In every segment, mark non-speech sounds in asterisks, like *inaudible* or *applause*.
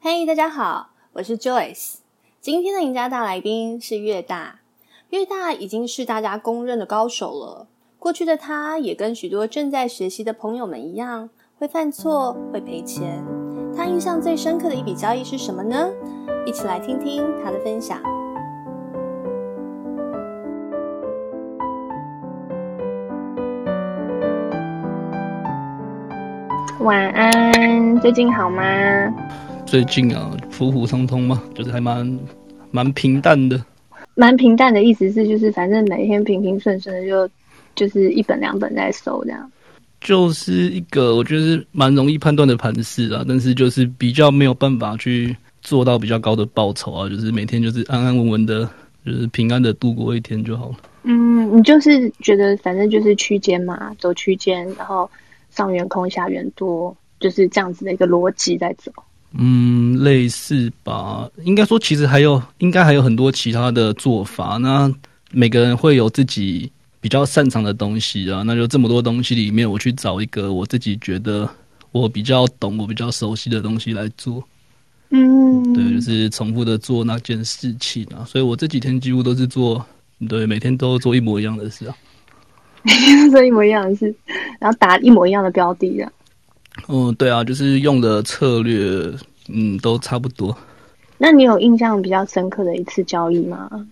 嘿，hey, 大家好，我是 Joyce。今天的贏家大來賓是越大，越大已經是大家公認的高手了。過去的他，也跟許多正在學習的朋友們一樣，會犯錯，會賠錢。他印象最深刻的一筆交易是什麼呢？一起來聽聽他的分享。晚安，最近好嗎？最近啊，普普通通嘛，就是還蠻蠻平淡的。蠻平淡的意思是，就是反正每天平平順順的就，就就是一本兩本在收這樣。就是一個我覺得蠻容易判斷的盤勢啊，但是就是比較沒有辦法去做到比較高的報酬啊，就是每天就是安安穩穩的，就是平安的度過一天就好了。嗯，你就是覺得反正就是區間嘛，走區間，然後上緣空，下緣多，就是這樣子的一個邏輯在走。嗯，類似吧。應該說，其實還有，應該還有很多其他的做法。那每個人會有自己比較擅長的東西啊。那就這麼多東西裡面，我去找一個我自己覺得我比較懂、我比較熟悉的東西來做。嗯，對，就是重複的做那件事情啊。所以我這幾天幾乎都是做，對，每天都做一模一樣的事啊。做 *laughs* 一模一樣的事，然後打一模一樣的標的啊。哦、嗯，對啊，就是用的策略，嗯，都差不多。那你有印象比較深刻的一次交易嗎？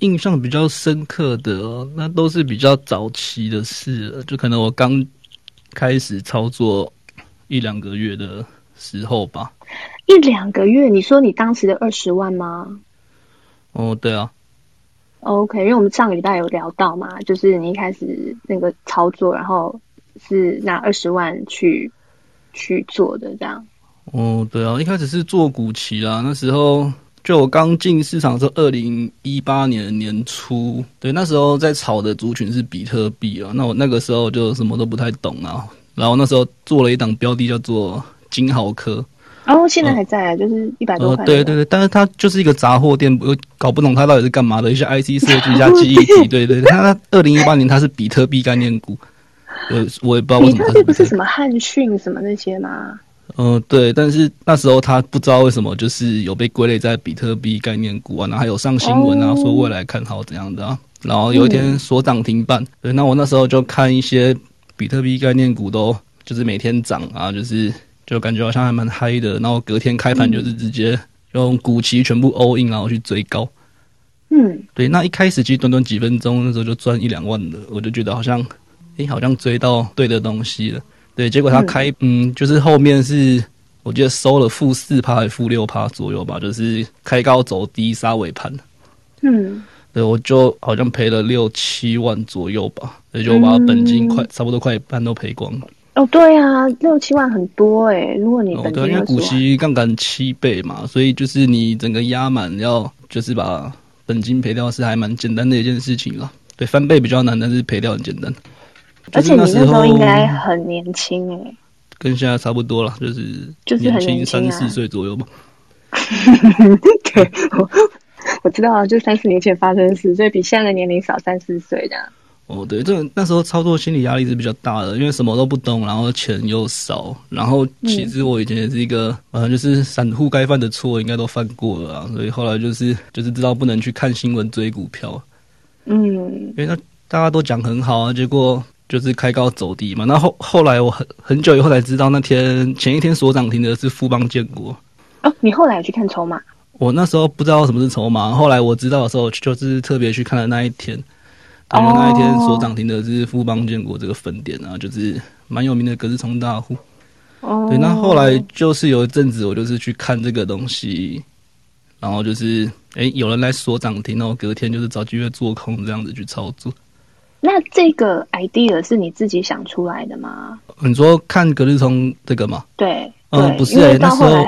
印象比較深刻的，那都是比較早期的事了，就可能我剛開始操作一兩個月的時候吧。一兩個月，你說你當時的二十萬嗎？哦，對啊。OK，因為我們上禮拜有聊到嘛，就是你一開始那個操作，然後是拿二十萬去去做的這樣，哦，對啊，一開始是做股期啦，那時候就我剛進市場的時候，二零一八年年初，對，那時候在炒的族群是比特幣啊，那我那個時候就什麼都不太懂啊，然後那時候做了一檔標的叫做晶豪科，哦，現在還在、啊，呃、就是一百多塊、那個，呃，對對對，但是它就是一個雜貨店，我搞不懂它到底是幹嘛的，一些 IC 設計加記憶體， *laughs* 對對對，它二零一八年它是比特幣概念股。我我也不知道為什麼，比特幣，這不是什麼撼訊什麼那些嗎？嗯、呃，對。但是那時候他不知道為什麼，就是有被歸類在比特幣概念股啊，然後還有上新聞啊，哦、說未來看好怎樣的、啊。然後有一天說漲停板，嗯、對。那我那時候就看一些比特幣概念股都就是每天漲啊，就是就感覺好像還蠻嗨的。然後隔天開盤就是直接用股期全部 all in，然後去追高。嗯，對。那一開始其實短短，短幾分鐘那時候就賺一兩萬了，我就覺得好像。你、欸、好像追到對的東西了，對，結果他開嗯、嗯，就是後面是我記得收了負四趴還是負六趴左右吧，就是開高走低殺尾盤。嗯，對我就好像賠了六七萬左右吧，也就我把本金快、嗯、差不多快一半都賠光了。哦，對啊，六七萬很多哎，如果你本金、哦、對、啊，因為股息槓桿七倍嘛，所以就是你整個壓滿要就是把本金賠掉是還蠻簡單的一件事情啦。對，翻倍比較難，但是賠掉很簡單。而且你那時候應該很年輕哎，跟現在差不多了，就是就是很年輕，三四歲左右吧。 *laughs* 對，我，我知道啊，就三四年前發生的事，所以比現在的年齡少三四歲這樣的。哦，對，這那時候操作心理壓力是比較大的，因為什麼都不懂，然後錢又少，然後其實我以前也是一個，反正、嗯呃、就是散戶該犯的錯應該都犯過了，所以後來就是就是知道不能去看新聞追股票。嗯，因為那大家都講很好啊，結果，就是開高走低嘛，那後後來我很很久以後才知道，那天前一天鎖漲停的是富邦建國。哦，你後來有去看籌碼？我那時候不知道什麼是籌碼，後來我知道的時候，就是特別去看的那一天，因為那一天鎖漲停的是富邦建國這個分店、啊，然後、哦、就是蠻有名的格子沖大戶。哦。對，那後來就是有一陣子，我就是去看這個東西，然後就是哎、欸，有人來鎖漲停，然後隔天就是找機會做空，這樣子去操作。那這個 idea 是你自己想出來的嗎？你說看隔日沖這個嗎？對，對嗯，不是、欸，那時候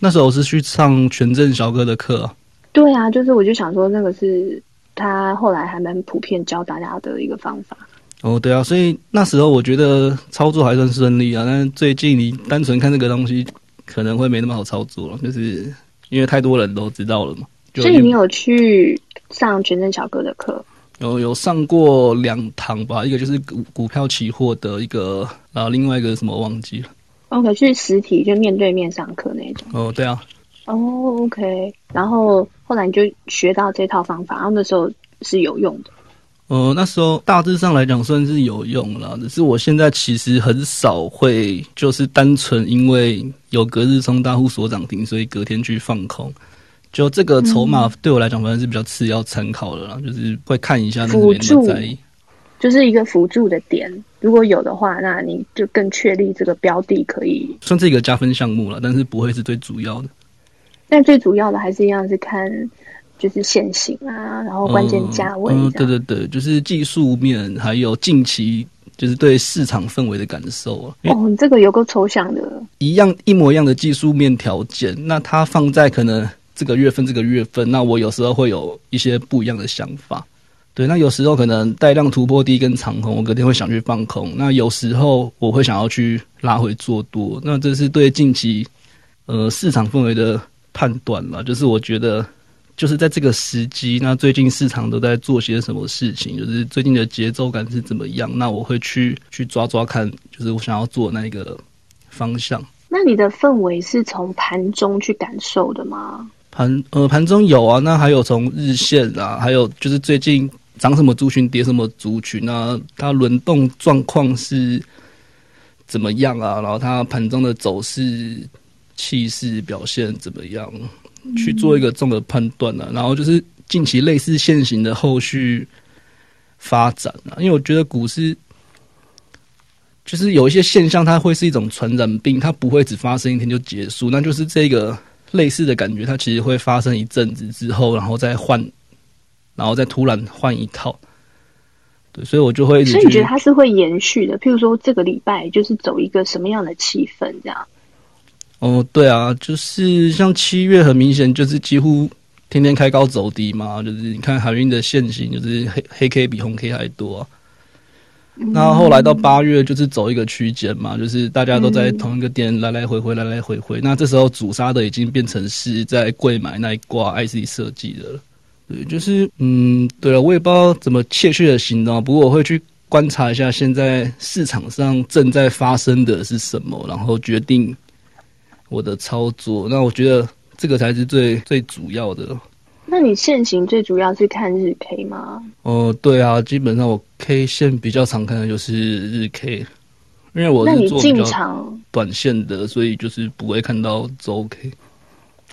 那時候我是去上權證小哥的課、啊。對啊，就是我就想說，那個是他後來還蠻普遍教大家的一個方法。哦，對啊，所以那時候我覺得操作還算順利啊，但是最近你單純看這個東西可能會沒那麼好操作了，就是因為太多人都知道了嘛。就所以你有去上權證小哥的課。有有上過兩堂吧，一個就是股股票期貨的一個，然後另外一個什麼我忘記了。哦，可是實體就面對面上課那種。哦，對啊。哦、oh,，OK。然後後來你就學到這套方法，然、啊、後那時候是有用的。哦、呃，那時候大致上來講算是有用啦，只是我現在其實很少會，就是單純因為有隔日沖大戶所漲停，所以隔天去放空。就這個籌碼對我來講，反正是比較次要參考的啦，嗯、就是會看一下輔助是那個點在意，就是一個輔助的點。如果有的話，那你就更確立這個標的可以算是一個加分項目了，但是不會是最主要的。但最主要的還是一樣是看就是線型啊，然後關鍵價位、嗯嗯。對對對，就是技術面，還有近期就是對市場氛圍的感受，啊、哦，你這個有夠抽象的，一樣一模一樣的技術面條件，那它放在可能這個月份，這個月份，那我有時候會有一些不一樣的想法，對。那有時候可能帶量突破低跟長空，我隔天會想去放空。那有時候我會想要去拉回做多。那這是對近期呃市場氛圍的判斷嘛？就是我覺得，就是在這個時機，那最近市場都在做些什麼事情？就是最近的節奏感是怎麼樣？那我會去去抓抓看，就是我想要做的那個方向。那你的氛圍是從盤中去感受的嗎？盤呃盤中有啊，那還有從日線啊，還有就是最近漲什麼族群跌什麼族群啊，它輪動狀況是怎麼樣啊？然後它盤中的走勢氣勢表現怎麼樣？去做一個綜合判斷啊，嗯，然後就是近期類似現行的後續發展啊，因為我覺得股市就是有一些現象，它會是一種傳染病，它不會只發生一天就結束，那就是這個。類似的感覺，它其實會發生一陣子之後，然後再換，然後再突然換一套。對，所以我就會。所以你覺得它是會延續的？譬如說，這個禮拜就是走一個什麼樣的氣氛這樣？哦，對啊，就是像七月很明顯就是幾乎天天開高走低嘛，就是你看海運的線型就是黑黑 K 比紅 K 還多啊。那後來到八月就是走一個區間嘛，就是大家都在同一個點來來回回來來回回。那這時候主殺的已經變成是在櫃買那一掛 IC 設計的了。對，就是嗯，對了，我也不知道怎麼確切的行動，不過我會去觀察一下現在市場上正在發生的是什麼，然後決定我的操作。那我覺得這個才是最最主要的。那你現行最主要是看日 K 嗎？哦、呃，對啊，基本上我 K 線比較常看的就是日 K，因為我那你進場短線的，所以就是不會看到周 K。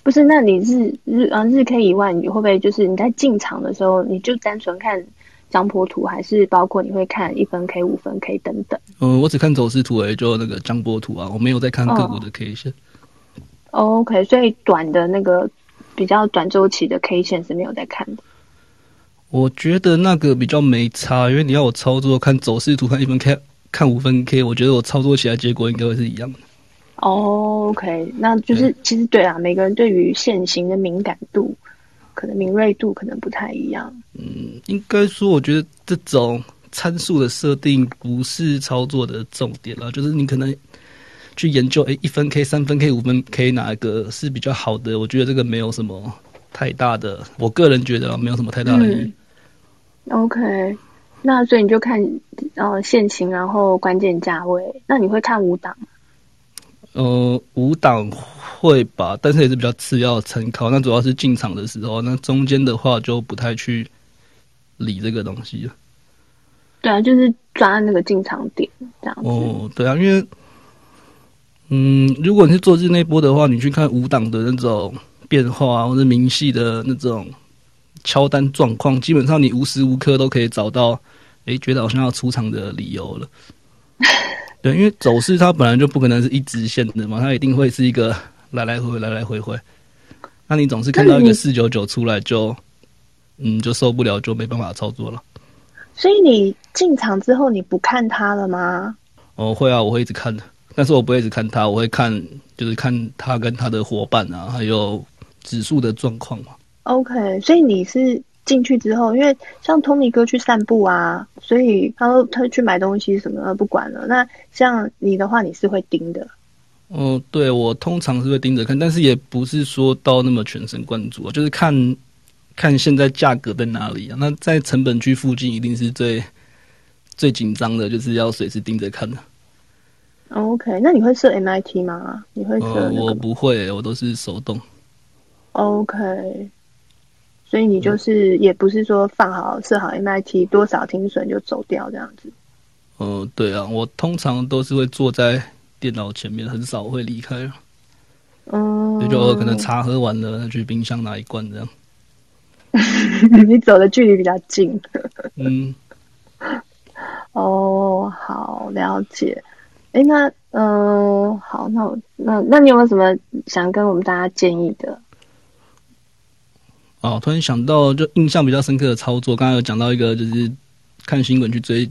不是，那你日日啊日 K 以外，你會不會就是你在進場的時候，你就單純看江波圖，還是包括你會看一分 K、五分 K 等等？嗯、呃，我只看走勢圖而已，就那個江波圖啊，我沒有在看個股的 K 線、哦。OK，所以短的那個。比較短週期的 K 線是沒有在看的。我覺得那個比較沒差，因為你要我操作看走勢圖，看一分 K，看五分 K，我覺得我操作起來結果應該會是一樣的。Oh, OK，那就是 Yeah. 其實對啊，每個人對於線型的敏感度，可能敏銳度可能不太一樣。嗯，應該說，我覺得這種參數的設定不是操作的重點啦，就是你可能。去研究，哎，一分 K、三分 K、五分 K 哪一個是比較好的？我覺得這個沒有什麼太大的，我個人覺得沒有什麼太大的意義。嗯。OK，那所以你就看，呃，現行，然後關鍵價位。那你會看五檔？呃，五檔會吧，但是也是比較次要參考。那主要是進場的時候，那中間的話就不太去理這個東西了。對啊，就是抓那個進場點這樣子。哦，對啊，因為。嗯，如果你是做日內波的話，你去看五檔的那種變化啊，或者明細的那種敲單狀況，基本上你無時無刻都可以找到，哎、欸，覺得好像要出場的理由了。 *laughs* 對，因為走勢它本來就不可能是一直線的嘛，它一定會是一個來來回回，來來回回。那你總是看到一個四九九出來就，就嗯，就受不了，就沒辦法操作了。所以你進場之後，你不看它了嗎？哦，會啊，我會一直看的。但是我不會只看他，我會看，就是看他跟他的夥伴啊，還有指數的狀況嘛。OK，所以你是進去之後，因為像 Tony 哥去散步啊，所以他說他去買東西什麼的不管了。那像你的話，你是會盯的。哦、嗯，對，我通常是會盯着看，但是也不是說到那麼全神貫注、啊，就是看看現在價格在哪裡啊。那在成本區附近一定是最最緊張的，就是要隨時盯着看的。OK，那你會設 MIT 嗎？你會設、那個、呃、我不會、欸，我都是手動。OK，所以你就是也不是說放好設好 MIT、嗯、多少停損就走掉這樣子。哦、呃，對啊，我通常都是會坐在電腦前面，很少會離開。嗯，也就可能茶喝完了，那去冰箱拿一罐這樣。 *laughs* 你走的距離比較近。 *laughs* 嗯。哦，好，了解。哎、欸，那嗯、呃，好，那我那那你有沒有什麼想跟我們大家建議的？哦，突然想到，就印象比較深刻的操作，剛剛有講到一個，就是看新聞去追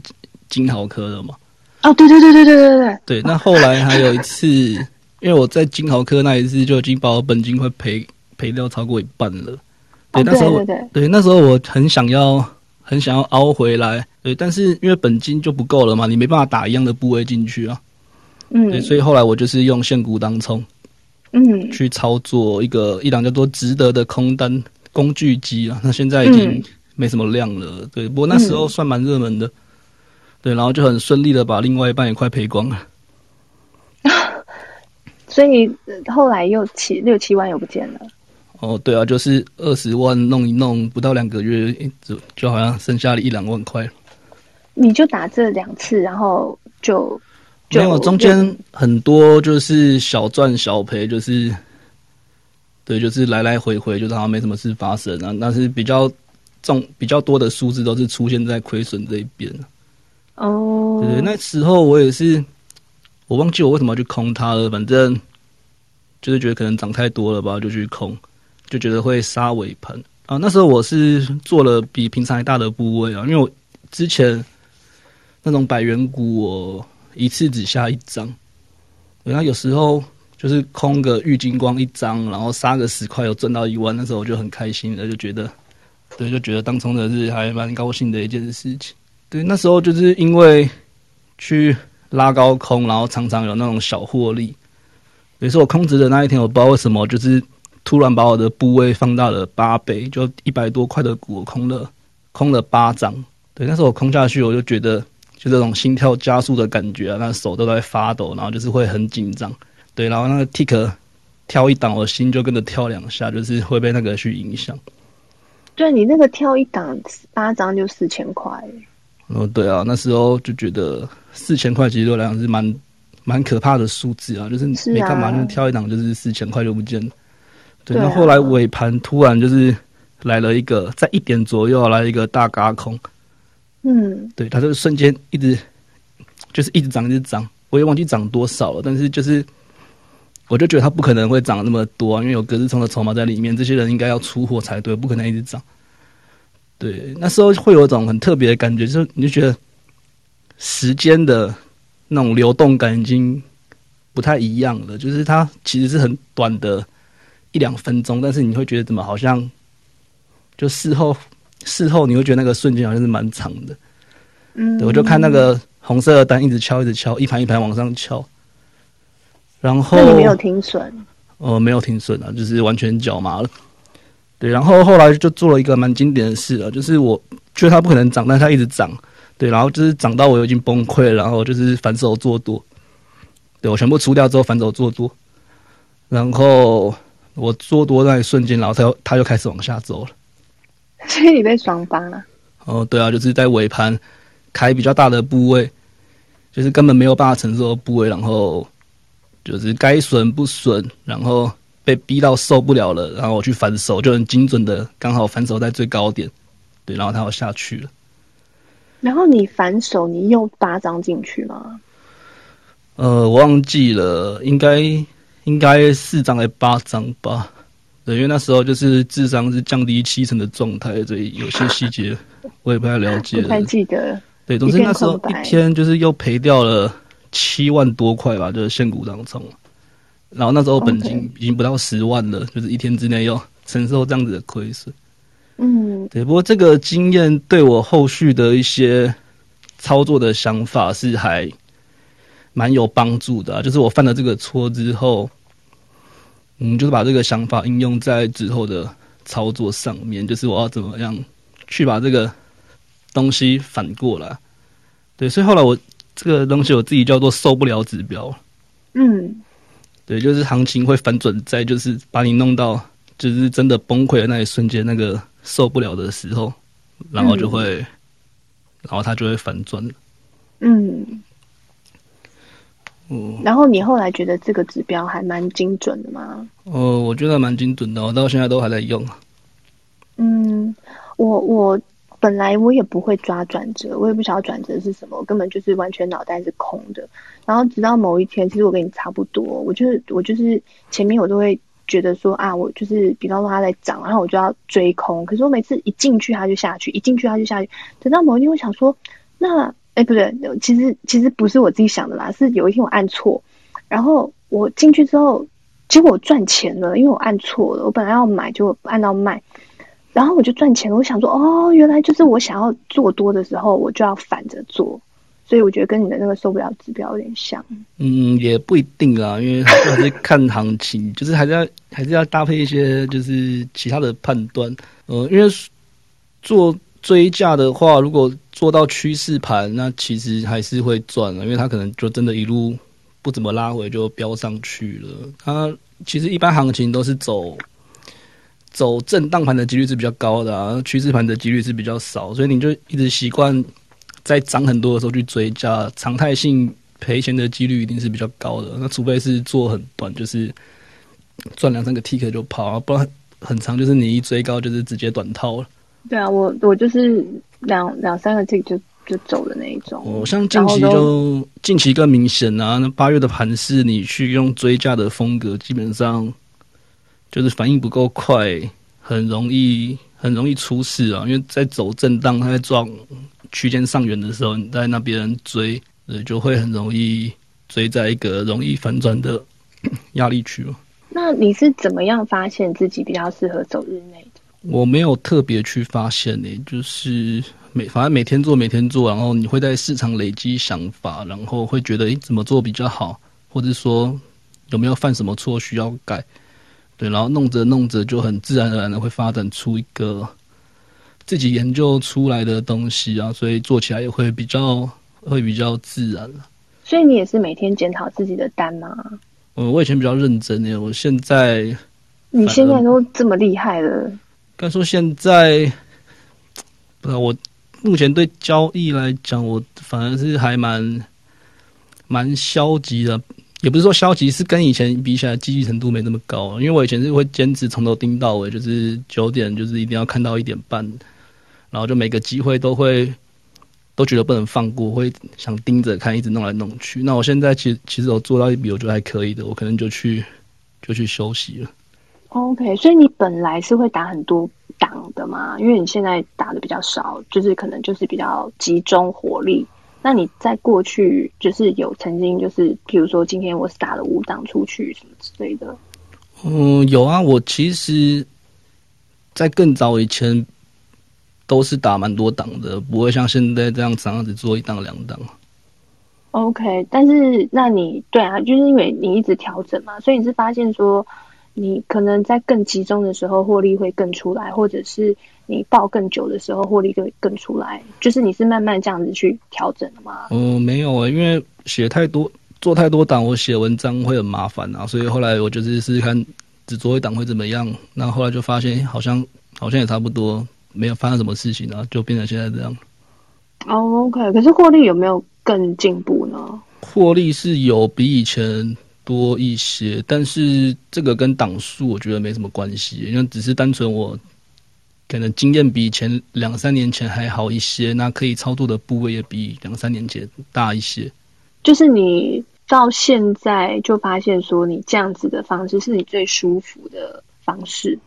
金豪科的嘛。哦，對對對對對對對，對。對，那後來還有一次，哦、因為我在金豪科那一次就已經把我本金快賠賠掉超過一半了。對、哦、對，對，對那時候，對，那時候我很想要很想要凹回來，對，但是因為本金就不夠了嘛，你沒辦法打一樣的部位進去啊。嗯，對，所以後來我就是用現股當沖，嗯，去操作一個一檔叫做值得的空單工具機啊，那現在已經沒什麼量了。嗯、對，不過那時候算蠻熱門的，嗯、對，然後就很順利的把另外一半也快賠光了，啊， *laughs* 所以後來又七六七萬又不見了。哦，對啊，就是二十萬弄一弄，不到兩個月就就好像剩下了一兩萬塊了。你就打這兩次，然後就。就沒有，中間很多就是小賺小賠，就是對，就是來來回回，就是好像沒什麼事發生啊。但是比較重比較多的數字，都是出現在虧損這一邊哦，oh. 對，那時候我也是，我忘記我為什麼要去空它了，反正就是覺得可能漲太多了吧，就去空，就覺得會殺尾盤啊。那時候我是做了比平常還大的部位啊，因為我之前那種百元股我。一次只下一張，對，那有時候就是空個郁金光一張，然後殺個十塊，有賺到一萬，那時候我就很開心了，了就覺得，對，就覺得當沖的是還蠻高興的一件事情。對，那時候就是因為去拉高空，然後常常有那種小獲利。也是我空值的那一天，我不知道為什麼，就是突然把我的部位放大了八倍，就一百多塊的股我空了，空了八張。對，那時候我空下去，我就覺得，就這種心跳加速的感覺啊，那手都在發抖，然後就是會很緊張。對，然後那個 tick 跳一檔，我心就跟着跳兩下，就是會被那個去影響。對，你那個跳一檔八張就四千塊。哦、嗯，對啊，那時候就覺得四千塊其實對我來講是蠻蠻可怕的數字啊，就是沒幹嘛，啊、就跳一檔就是四千塊就不見了。對，那、啊、後，後來尾盤突然就是來了一個，在一點左右來了一個大嘎空。嗯，對，它就瞬間一直，就是一直漲，一直漲。我也忘記漲多少了，但是就是，我就覺得它不可能會漲那麼多啊，因為有隔日沖的籌碼在裡面，這些人應該要出貨才對，不可能一直漲。對，那時候會有一種很特別的感覺，就是你就覺得時間的那種流動感已經不太一樣了，就是它其實是很短的一兩分鐘，但是你會覺得怎麼好像就事後。事後你會覺得那個瞬間好像是蠻長的，嗯對，我就看那個紅色的單一直敲一直敲，一盤一盤往上敲。然後那你沒有停損？哦、呃，沒有停損啊，就是完全腳麻了。對，然後後來就做了一個蠻經典的事啊，就是我覺得它不可能漲，但它一直漲，對，然後就是漲到我已經崩潰了，然後就是反手做多，對，我全部出掉之後反手做多，然後我做多那一瞬間，然後它又它又開始往下走了。所以你被雙翻了？哦，對啊，就是在尾盤開比較大的部位，就是根本沒有辦法承受的部位，然後就是該損不損，然後被逼到受不了了，然後我去反手就很精準的，剛好反手在最高點，對，然後他就下去了。然後你反手，你又八張進去嗎？呃，我忘記了，應該應該四張還八張吧？對，因為那時候就是智商是降低七成的狀態，所以有些細節我也不太了解了。 *laughs* 不太記得。對，總之那時候一天就是又賠掉了七萬多塊吧，就是現股當中。然後那時候本金已經不到十萬了，Okay. 就是一天之內要承受這樣子的虧損。嗯。對，不過這個經驗對我後續的一些操作的想法是還蠻有幫助的啊，就是我犯了這個錯之後。嗯，我們就是把這個想法應用在之後的操作上面，就是我要怎麼樣去把這個東西反過來，對，所以後來我這個東西我自己叫做受不了指標。嗯，對，就是行情會反轉在，就是把你弄到就是真的崩潰的那一瞬間，那個受不了的時候，然後就會，嗯、然後它就會反轉。嗯。嗯，然後你後來覺得這個指標還蠻精準的嗎？哦，我覺得蠻精準的，我到現在都還在用。嗯，我我本來我也不會抓轉折，我也不曉得轉折是什麼，我根本就是完全腦袋是空的。然後直到某一天，其實我跟你差不多，我就是我就是前面我都會覺得說啊，我就是比方說它在漲，然後我就要追空。可是我每次一進去它就下去，一進去它就下去。等到某一天，我想說那。哎，欸、不對，其實其實不是我自己想的啦，是有一天我按錯，然後我進去之後，結果我賺錢了，因為我按錯了，我本來要買就按到賣，然後我就賺錢了。我想說，哦，原來就是我想要做多的時候，我就要反着做，所以我覺得跟你的那個受不了指標有點像。嗯，也不一定啊，因為還是看行情， *laughs* 就是還是要還是要搭配一些就是其他的判斷。嗯、呃，因為做追價的話，如果做到趨勢盤，那其實還是會賺了，因為它可能就真的一路不怎麼拉回就飆上去了。它、啊、其實一般行情都是走走震盪盤的幾率是比較高的、啊，趨勢盤的幾率是比較少，所以你就一直習慣在漲很多的時候去追加，常態性賠錢的幾率一定是比較高的。那除非是做很短，就是賺兩三個 tick 就跑、啊，不然很長就是你一追高就是直接短套了。對啊，我我就是。兩兩三個 G 就就走的那一種，我像近期就近期更明顯啊。那八月的盤勢，你去用追價的風格，基本上就是反應不夠快，很容易很容易出事啊。因為在走震盪，它在撞區間上緣的時候，你在那邊追，呃，就會很容易追在一個容易反轉的壓力區哦、啊。那你是怎麼樣發現自己比較適合走日內？我沒有特別去發現誒，就是每反正每天做，每天做，然後你會在市場累積想法，然後會覺得誒、欸、怎麼做比較好，或者說有沒有犯什麼錯需要改，對，然後弄着弄着就很自然而然的會發展出一個自己研究出來的東西啊，所以做起來也會比較會比較自然。所以你也是每天檢討自己的單嗎？嗯，我以前比較認真耶，我現在你現在都這麼厲害了。但說現在，不知道我目前對交易來講，我反而是還蠻蠻消極的，也不是說消極，是跟以前比起來，積極程度沒那麼高。因為我以前是會堅持從頭盯到尾，就是九點就是一定要看到一點半，然後就每個機會都會都覺得不能放過，會想盯着看，一直弄來弄去。那我現在其其實我做到一筆，我覺得還可以的，我可能就去就去休息了。OK，所以你本來是會打很多檔的嘛，因為你現在打的比較少，就是可能就是比較集中火力。那你在過去就是有曾經就是，比如說今天我是打了五檔出去什麼之類的。嗯，有啊，我其實，在更早以前都是打蠻多檔的，不會像現在這樣子只做一檔兩檔。OK，但是那你對啊，就是因為你一直調整嘛，所以你是發現說。你可能在更集中的時候獲利會更出來，或者是你抱更久的時候獲利就會更出來。就是你是慢慢這樣子去調整的嗎？哦、嗯，沒有啊、欸，因為寫太多、做太多檔，我寫文章會很麻煩啊，所以後來我就是試試看只做一檔會怎麼樣。那後來就發現好像好像也差不多，沒有發生什麼事情、啊，然後就變成現在這樣。Oh, OK，可是獲利有沒有更進步呢？獲利是有比以前。多一些，但是這個跟檔數我覺得沒什麼關係，因為只是單純我可能經驗比前兩三年前還好一些，那可以操作的部位也比兩三年前大一些。就是你到現在就發現說，你這樣子的方式是你最舒服的方式。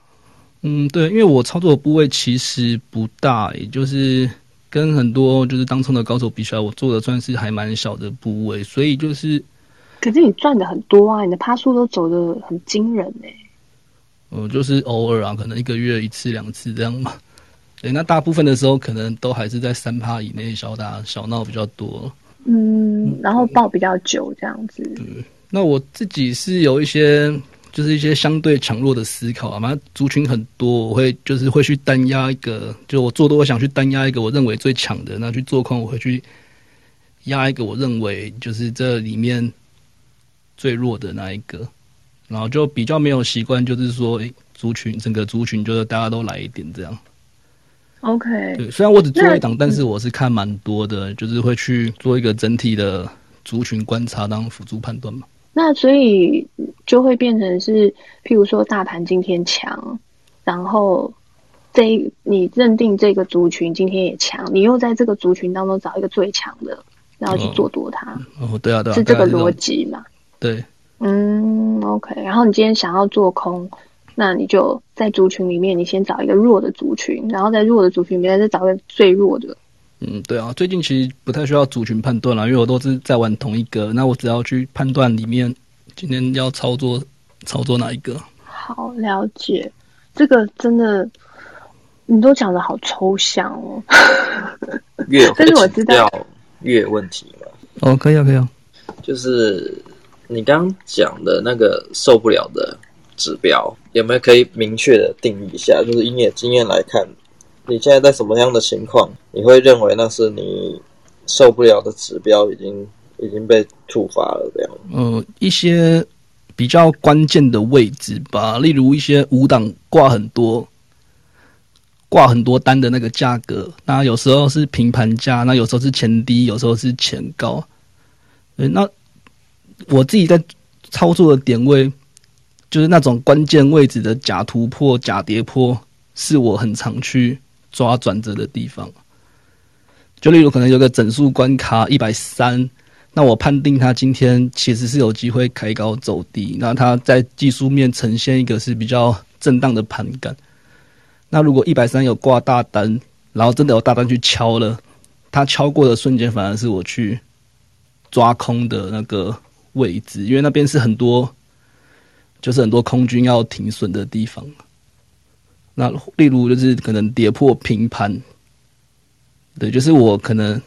嗯，對，因為我操作的部位其實不大，也就是跟很多就是當沖的高手比起來，我做的算是還蠻小的部位，所以就是。可是你賺的很多啊，你的趴數都走的很驚人呢、欸。我、嗯、就是偶爾啊，可能一個月一次兩次這樣嘛。對，那大部分的時候可能都還是在三趴以內，小打小鬧比較多。嗯，然後抱比較久這樣子、嗯對。那我自己是有一些，就是一些相對強弱的思考啊嘛。族群很多，我會就是會去單壓一個，就我做多，我想去單壓一個我認為最強的，那去做空，我會去壓一個我認為就是這裡面。最弱的那一個，然後就比較沒有習慣，就是說誒族群整個族群就是大家都來一點這樣。OK，對，雖然我只做一檔，那但是我是看蠻多的，嗯、就是會去做一個整體的族群觀察，當輔助判斷嘛。那所以就會變成是，譬如說大盤今天強，然後這一你認定這個族群今天也強，你又在這個族群當中找一個最強的，然後去做多它哦。哦，對啊，對啊，是這個邏輯嘛。對，嗯，OK。然後你今天想要做空，那你就在族群裡面，你先找一個弱的族群，然後在弱的族群裡面再找一個最弱的。嗯，對啊，最近其實不太需要族群判斷了，因為我都是在玩同一個。那我只要去判斷裡面今天要操作操作哪一個。好，了解。這個真的，你都講得好抽象哦。 *laughs* 越但是我知道越問題了。哦，可以啊，可以啊，就是。你剛剛講的那個受不了的指標，有沒有可以明確的定義一下？就是以你的經驗來看，你現在在什麼樣的情況，你會認為那是你受不了的指標已經已經被觸發了？這樣？嗯，一些比較關鍵的位置吧，例如一些五檔掛很多掛很多單的那個價格，那有時候是平盤價，那有時候是前低，有時候是前高，對，那。我自己在操作的點位，就是那種關鍵位置的假突破、假跌破，是我很常去抓轉折的地方。就例如可能有個整數關卡一百三，那我判定它今天其實是有機會開高走低，那它在技術面呈現一個是比較震盪的盤感。那如果一百三有掛大單，然後真的有大單去敲了，它敲過的瞬間，反而是我去抓空的那個。位置，因為那邊是很多，就是很多空軍要停損的地方。那例如就是可能跌破平盤，對，就是我可能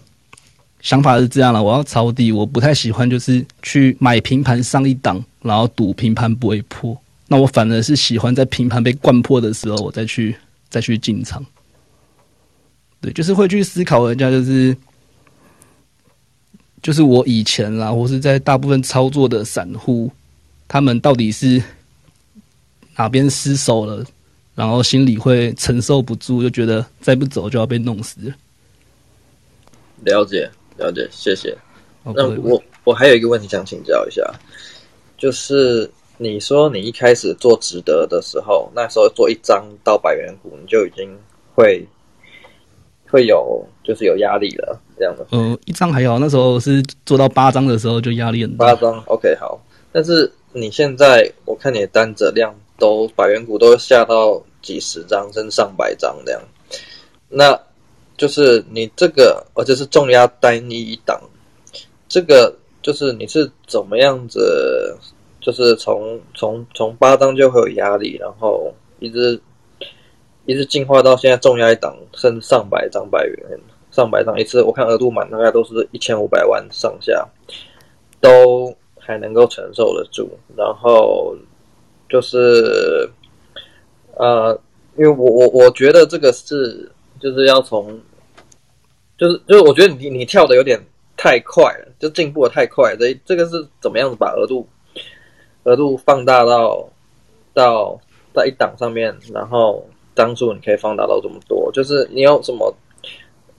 想法是這樣啦，我要抄底，我不太喜歡就是去買平盤上一檔，然後賭平盤不會破。那我反而是喜歡在平盤被摜破的時候，我再去再去進場。對，就是會去思考人家就是。就是我以前啦，我是在大部分操作的散戶，他們到底是哪邊失手了，然後心裡會承受不住，就覺得再不走就要被弄死了。了解，了解，謝謝。Okay. 那我我還有一個問題想請教一下，就是你說你一開始做值得的時候，那時候做一張到百元股，你就已經會會有就是有壓力了。這樣的，呃、嗯，一張還好，那時候是做到八張的時候就壓力很大。八張，OK，好。但是你現在，我看你的單子量都百元股都下到幾十張甚至上百張這樣，那就是你這個，而且、哦、就是重壓單，一檔，這個就是你是怎麼樣子，就是從從從八張就會有壓力，然後一直一直進化到現在重壓一檔甚至上百張百元。上百張一次，我看額度滿大概都是一千五百萬上下，都還能夠承受得住。然後就是，呃，因為我我我覺得這個是就是要從，就是就是我覺得你你跳的有點太快了，就進步的太快了。這這個是怎麼樣子把額度額度放大到到在一檔上面，然後當初你可以放大到這麼多，就是你有什麼？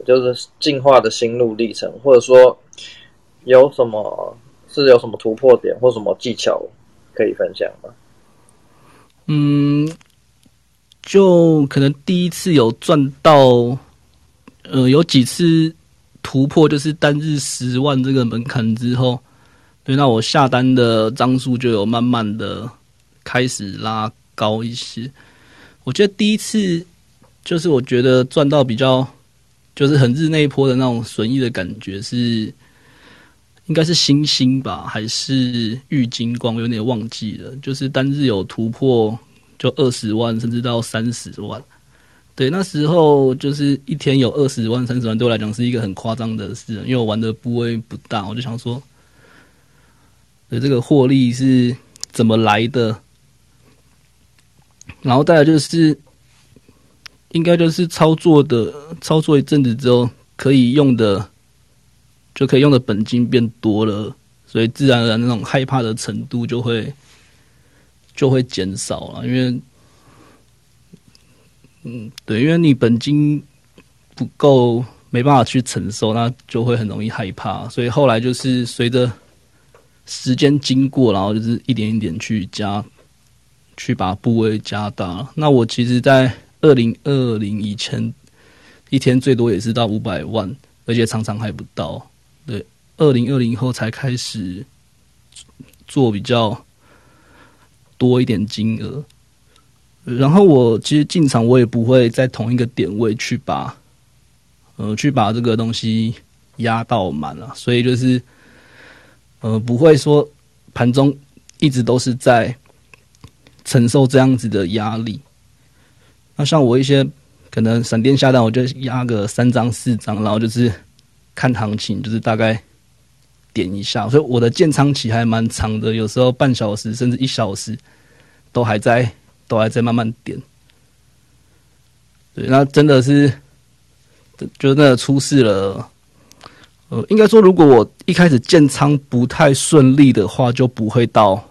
就是進化的心路歷程，或者說有什麼，是有什麼突破點或什麼技巧可以分享嗎？嗯，就可能第一次有賺到，呃，有幾次突破，就是單日十萬這個門檻之後，對，那我下單的張數就有慢慢的開始拉高一些。我覺得第一次就是我覺得賺到比較。就是很日那一波的那種損益的感覺是，應該是星星吧，還是玉晶光？有點忘記了。就是單日有突破，就二十萬甚至到三十萬。對，那時候就是一天有二十萬、三十萬，對我來講是一個很誇張的事，因為我玩的部位不大，我就想說，對這個獲利是怎麼來的？然後再來就是。應該就是操作的，操作一陣子之後可以用的，就可以用的本金變多了，所以自然而然那種害怕的程度就會就會減少了。因為，嗯，對，因為你本金不夠，沒辦法去承受，那就會很容易害怕。所以後來就是隨着時間經過，然後就是一點一點去加，去把部位加大。那我其實，在。二零二零以前，一天最多也是到五百萬，而且常常還不到。對，二零二零後才開始做比較多一點金額。然後我其實進場，我也不會在同一個點位去把，呃，去把這個東西壓到滿了，所以就是，呃，不會說盤中一直都是在承受這樣子的壓力。像我一些可能閃電下單，我就壓個三張四張，然後就是看行情，就是大概點一下。所以我的建倉期還蠻長的，有時候半小時甚至一小時都還在，都還在慢慢點。對，那真的是，就真的出事了。呃，應該說，如果我一開始建倉不太順利的話，就不會到，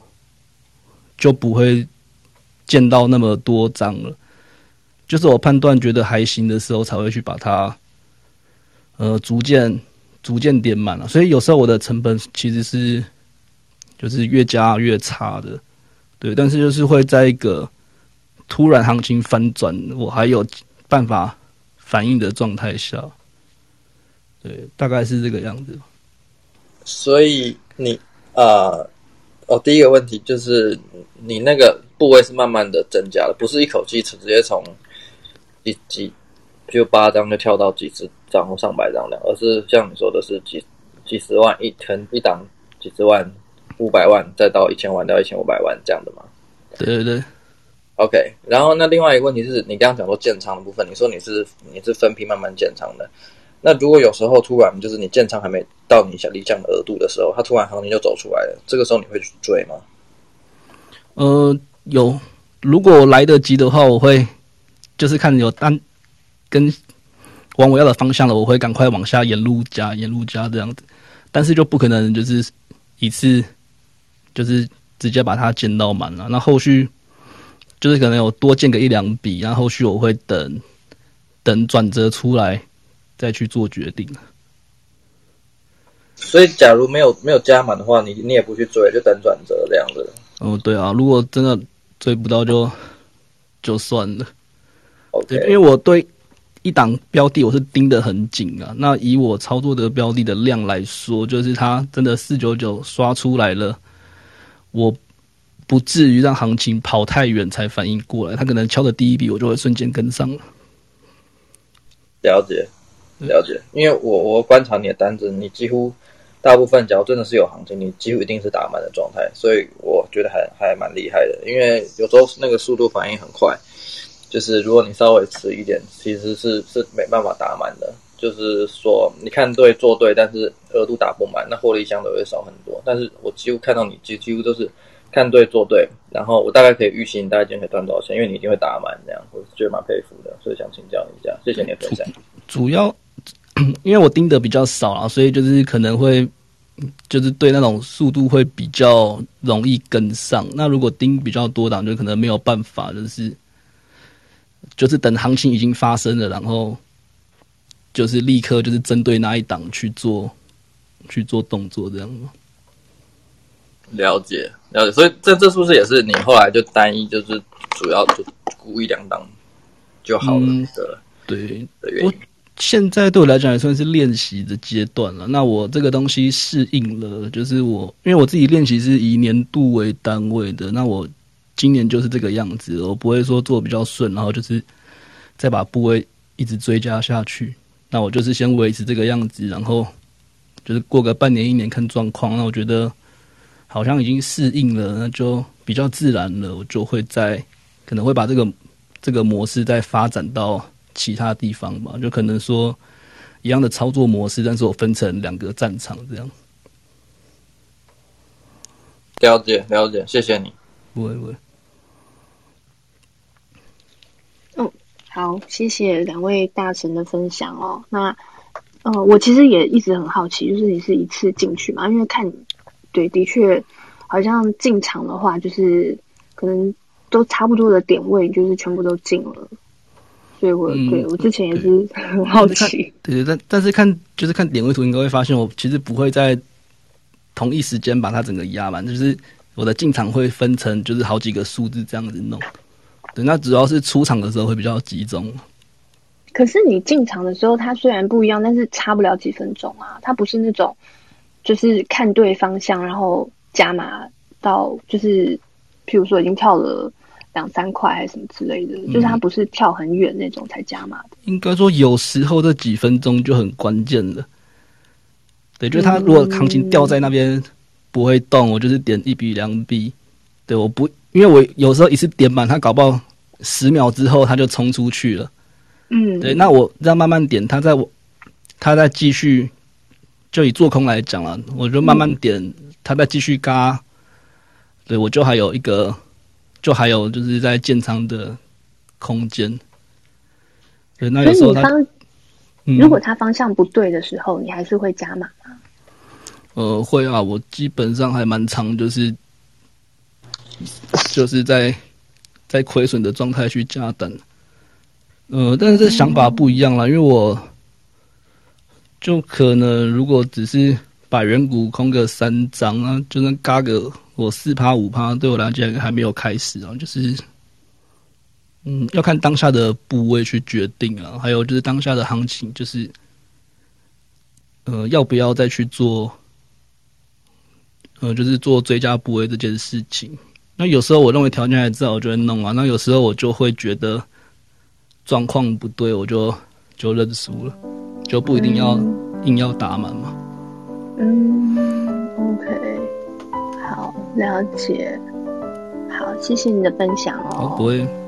就不會建到那麼多張了。就是我判斷覺得還行的時候，才會去把它，呃，逐漸、逐漸點滿了、啊。所以有時候我的成本其實是，就是越加越差的，對。但是就是會在一個突然行情翻轉，我還有辦法反應的狀態下，對，大概是這個樣子。所以你呃哦，第一個問題就是你那個部位是慢慢的增加的，不是一口氣直接從。一幾就八張就跳到幾十張或上百張的，而是像你說的是幾幾十萬一天一檔幾十萬五百萬再到一千萬到一千五百萬這樣的嗎？對對對。OK，然後那另外一個問題是你剛剛講說建倉的部分，你說你是你是分批慢慢建倉的，那如果有時候突然就是你建倉還沒到你理想的額度的時候，它突然行情就走出來了，這個時候你會去追嗎？呃，有，如果來得及的話，我會。就是看有單跟往我要的方向了，我會趕快往下沿路加，沿路加這樣子。但是就不可能就是一次就是直接把它建到滿了。那後，後續就是可能有多建個一兩筆，然後後續我會等等轉折出來再去做決定。所以，假如沒有沒有加滿的話，你你也不去追，就等轉折這樣子。哦，對啊，如果真的追不到就，就就算了。哦，Okay. 對，因為我對一檔標的我是盯得很緊啊。那以我操作的標的的量來說，就是它真的四九九刷出來了，我不至於讓行情跑太遠才反應過來。它可能敲的第一筆，我就會瞬間跟上了。了解，了解。因為我我觀察你的單子，你幾乎大部分，假如真的是有行情，你幾乎一定是打滿的狀態。所以我覺得還還蠻厲害的，因為有時候那個速度反應很快。就是如果你稍微遲一點，其實是是沒辦法打滿的。就是說，你看對做對，但是額度打不滿，那獲利相對會少很多。但是我幾乎看到你，幾幾乎都是看對做對，然後我大概可以預期你大概今天可以賺多少錢，因為你一定會打滿這樣，我是覺得蠻佩服的，所以想請教你一下，謝謝你的分享。主要因為我盯得比較少啦，所以就是可能會就是對那種速度會比較容易跟上。那如果盯比較多檔，就可能沒有辦法，就是。就是等行情已經發生了，然後就是立刻就是針對那一檔去做去做動作這樣。了解，了解，所以這這是不是也是你後來就單一就是主要就顧一兩檔就好了？嗯，對對。我現在對我來講也算是練習的階段了。那我這個東西適應了，就是我因為我自己練習是以年度為單位的。那我。今年就是這個樣子，我不會說做得比較順，然後就是再把部位一直追加下去。那我就是先維持這個樣子，然後就是過個半年一年看狀況。那我覺得好像已經適應了，那就比較自然了。我就會在可能會把這個這個模式再發展到其他地方吧，就可能說一樣的操作模式，但是我分成兩個戰場這樣。了解、了解，謝謝你。喂喂，不會不會嗯，好，謝謝兩位大神的分享哦。那，哦、呃，我其實也一直很好奇，就是你是一次進去嘛？因為看對，的確，好像進場的話，就是可能都差不多的點位，就是全部都進了。所以我、嗯、對我之前也是很好奇。對對，但但是看就是看點位圖，應該會發現我其實不會在同一時間把它整個壓滿，就是。我的進場會分成就是好幾個數字這樣子弄，對，那主要是出場的時候會比較集中。可是你進場的時候，它雖然不一樣，但是差不了幾分鐘啊。它不是那種就是看對方向，然後加碼到就是譬如說已經跳了兩三塊還是什麼之類的，就是它不是跳很遠那種才加碼的。嗯、應該說有時候這幾分鐘就很關鍵了。對，就是它如果行情掉在那邊。不會動，我就是點一筆兩筆，對，我不，因為我有時候一次點滿，他搞不好十秒之後他就衝出去了，嗯，對，那我這樣慢慢點，他在我，他在繼續，就以做空來講了，我就慢慢點，他在、嗯、繼續嘎，對我就還有一個，就還有就是在建倉的空間，對，那有時候他，方嗯、如果他方向不對的時候，你還是會加碼。呃，會啊，我基本上還蠻常，就是，就是就是在在虧損的狀態去加單，呃，但是這想法不一樣了，因為我就可能如果只是百元股空個三張啊，就能嘎個我四趴五趴，對我來講還沒有開始啊，就是嗯，要看當下的部位去決定啊，還有就是當下的行情，就是呃，要不要再去做。嗯、呃，就是做追加部位這件事情。那有時候我認為條件還在，我就會弄啊。那有時候我就會覺得狀況不對，我就就認輸了，就不一定要硬要打滿嘛。嗯，嗯，OK，好，了解，好，謝謝你的分享哦。不會、哦。